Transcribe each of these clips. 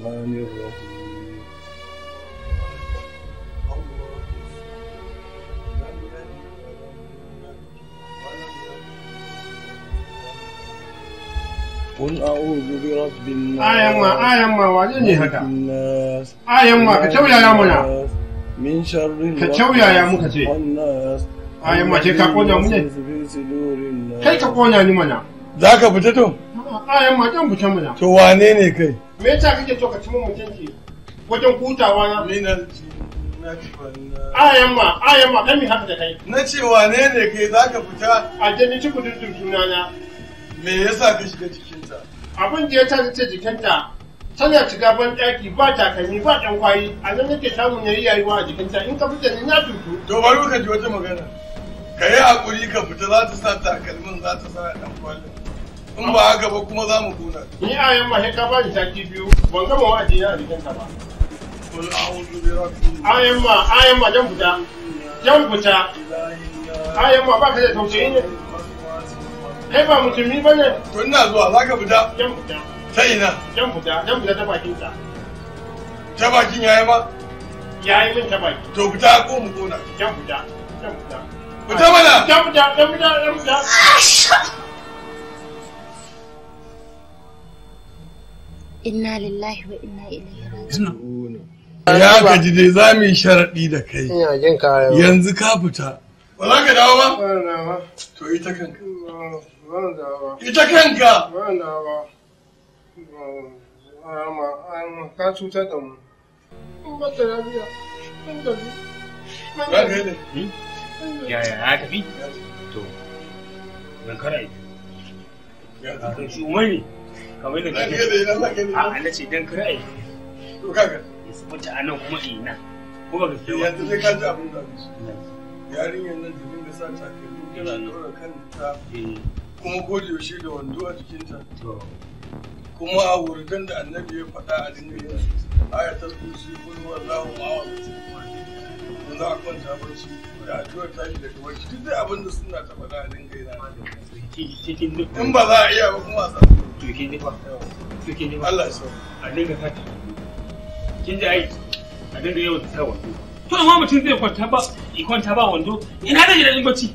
Mami of Rahi. Kun a'udhu ne haka? Ayan ma, ka ya muna. Min ya muka ce. Ayan ma ke ka konya mu ne? Kai ka konya ni mana. Za ka fita to? ayan yan matan can mana. To wane ne kai? Me yasa kake so ka ci mun mutunci wajen hutawa na? Ni na ci na ci A Ayan ma, ayan ma kai mi haka da kai. Na ce wane ne kai zaka fita? A je ni ci kudin dunduna na. Me yasa ka shiga jikinta? Abin da ya sa ta ce jikinta tana shiga ban ɗaki ba takalmi ba ɗan kwayi a nan nake samun yayi yayuwa a jikinta in ka fita ni na tutu. To bari ka ji wata magana. Ka yi haƙuri ka fita za ta sa takalmin za ta sa ɗan kwalin. in ba haka ba kuma za mu kuna ni a yamma sai ka ni sati biyu ban gama wa'adi na jikin ka ba a yamma a yamma jan fita jan fita a yamma ba ka da tausayi ne kai ba mutumi ba ne to ina zuwa za ka fita jan fita ta ina jan fita jan fita ta bakin ta ta bakin yayi ma yayi min ta baki to fita ko mu kona jan fita jan fita fita mana jan fita jan fita jan fita ah, Inna lillahi wa inna ilaihi raji'un. Ya gaji dai za mu yi sharaɗi da kai. Ina jin ka Yanzu ka fita. Ba za ka dawo ba? Ba dawo. To ita kanka. Ba dawo. Ita kanka. Ba dawo. Ama an ka cutar da mu. In ba ta rabiya In ka bi. Ba ka yi Ya ya ka tafi? To. Zan kara ita. Ya ka kai shi umar ne. kamar da kake a na ce dan kar ai to kaga su mutu anan kuma ina ko ba gaskiya ba yanzu sai ka ji abin da yarinyar nan ta dinga sa takalmi tana dora kanta eh. kuma ko da yaushe da wando a jikinta kuma a wurdan da annabi ya faɗa a dinga yin ayatul kursi kullu wallahu ma'awal za a kwanta barci da addu'ar tashi daga barci duk dai abin da suna ta da halin gai in ba za a iya ba kuma a ne ba tuki ne ba Allah ya a dinga kata kin ji ai a dinga yawan to amma mutum zai kwanta ba i kwanta ba wando bacci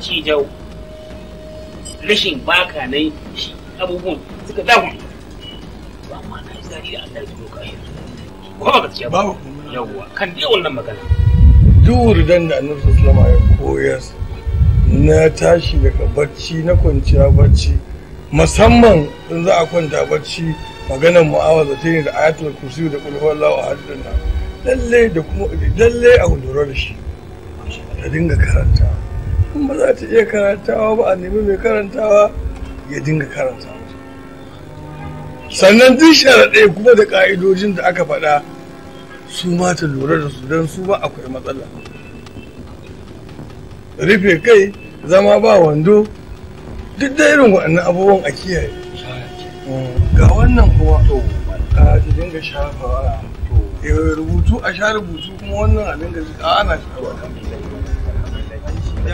cijau rashin baka nan shi abubuwan suka damu to amma na yi zari da Allah ya doka shi ko ba gaskiya ba yawwa kan dai wannan magana Duhur dan da Annabi sallallahu alaihi wasallam ya koyar na tashi daga barci na kwanciya barci musamman in za a kwanta barci maganar mu'awaza ta ne da ayatul kursi da kulhuwar lawa hadin nan lalle da kuma lalle a hudura da shi ta dinga karanta in ba za ta iya karantawa ba a nemi mai karantawa ya dinga karanta sannan duk sharaɗai kuma da ƙa'idojin da aka faɗa su ma ta lura da su don su ba akwai matsala rufe kai zama ba wando duk da irin waɗannan abubuwan a kiyaye ga wannan kuma a ta dinga shafawa eh, rubutu a sha rubutu kuma wannan a dinga a ana shafawa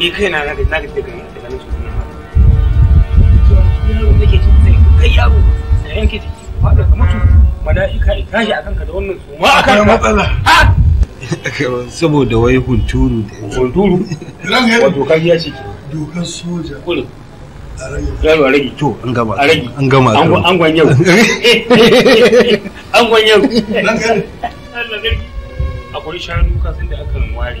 ni kai na na na gaji daga ka da wannan suma saboda wai hunturu da hunturu wato kahiya ce ke dokar soja kullum yaro a rage to an gama a rage an gama an gwan yau an gwan yau a kuri shanu kasan da akan ware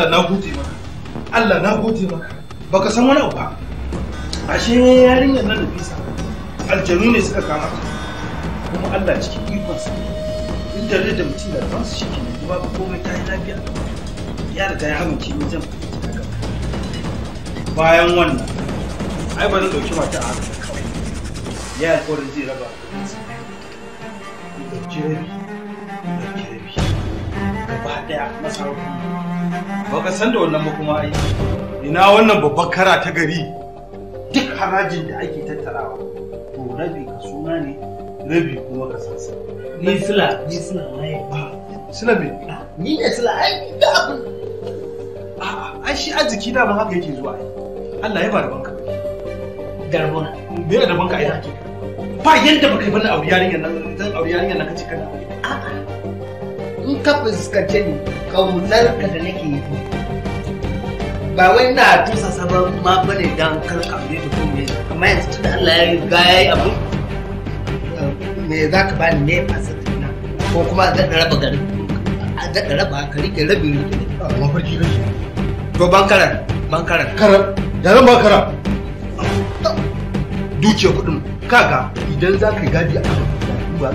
Allah na gode maka Allah na gode maka baka san wani abu ba ashe yarinyar nan da bisa aljanu ne suka kama ta kuma Allah cikin ikonsa inda rai da mutum da ransu shi ke kuma ba komai ta yi lafiya ya riga ya amince ni zan fahimci bayan wannan ai ba zan dauki mata a haka kawai ya alƙawarin zai raba ɗauki rabi ɗauki rabi gaba ɗaya masarautar Baka san da wannan ba kuma ai ina wannan babbar kara ta gari duk harajin da ake tattarawa to rabi ka suna ne rabi kuma ka sansa ni sila ni sila waye sila me ah, ni ne sila ai da abin ai shi jiki da ban haka yake zuwa ai Allah ya ba da banka darbona me da banka ai ba yanda baka yi bana auri yarinyar nan zan auri yarinyar nan kace kana a'a in ka fuskanci ni kaunar ka da nake yi ba wai na tusa sabon ma bane dan kar ka ne da kuma amma yanzu tun da Allah ya yi riga yayi abu me za ka bani ne a satina ko kuma zan raba garin a zan raba ka rike rabi rike mafarki rike to bankaran bankaran karan yaran bankaran dukiyar kudin kaga idan za ka gadi a ba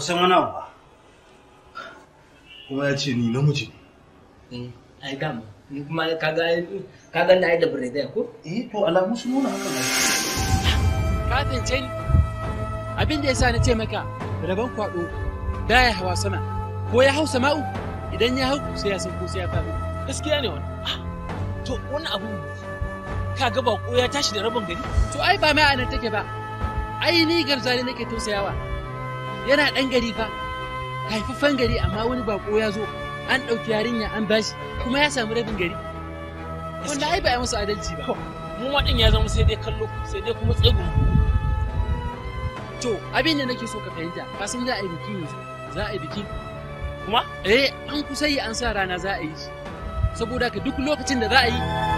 kusan wani abu ba kuma ya ce ni namiji ne eh, ai dama ni kuma kaga kaga na da birnin ko eh to alamu sun nuna haka ne ka tsince ni abin da yasa na ce maka rabon kwado da ya hawa sama ko ya hau sama'u idan ya hau sai ya san ko sai ya faru gaskiya ne wani to wani abu ka ga bako ya tashi da rabon gari to ai ba mai anan take ba ai ni garzali nake tausayawa yana ɗan gari fa haifaffen gari amma wani bako ya zo an ɗauki yarinya an bashi kuma ya samu rabin gari wanda ai ba ya musu adalci ba mu ma ɗin ya zama sai dai kallo sai dai kuma tsegu to abin da nake so ka fahimta ba san za a yi biki ne za a yi biki kuma eh an kusa yi an sa rana za a yi saboda ka duk lokacin da za a yi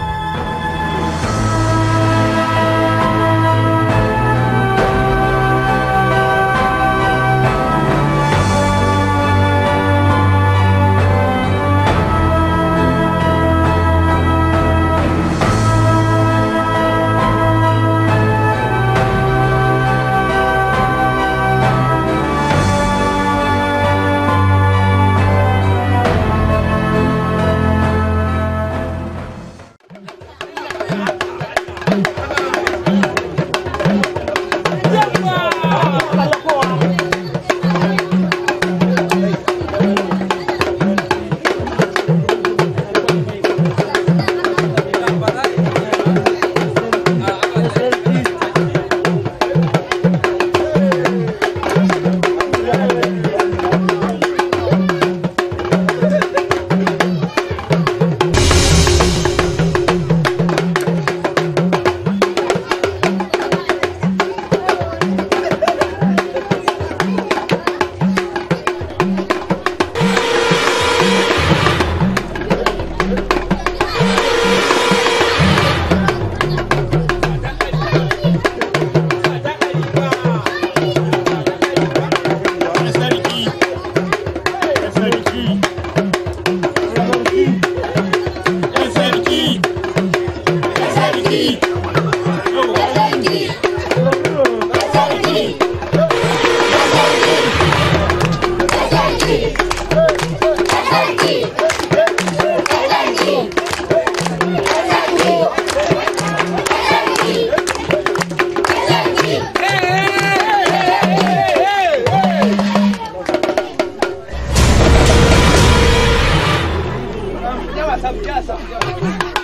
क्या सब क्या सब क्या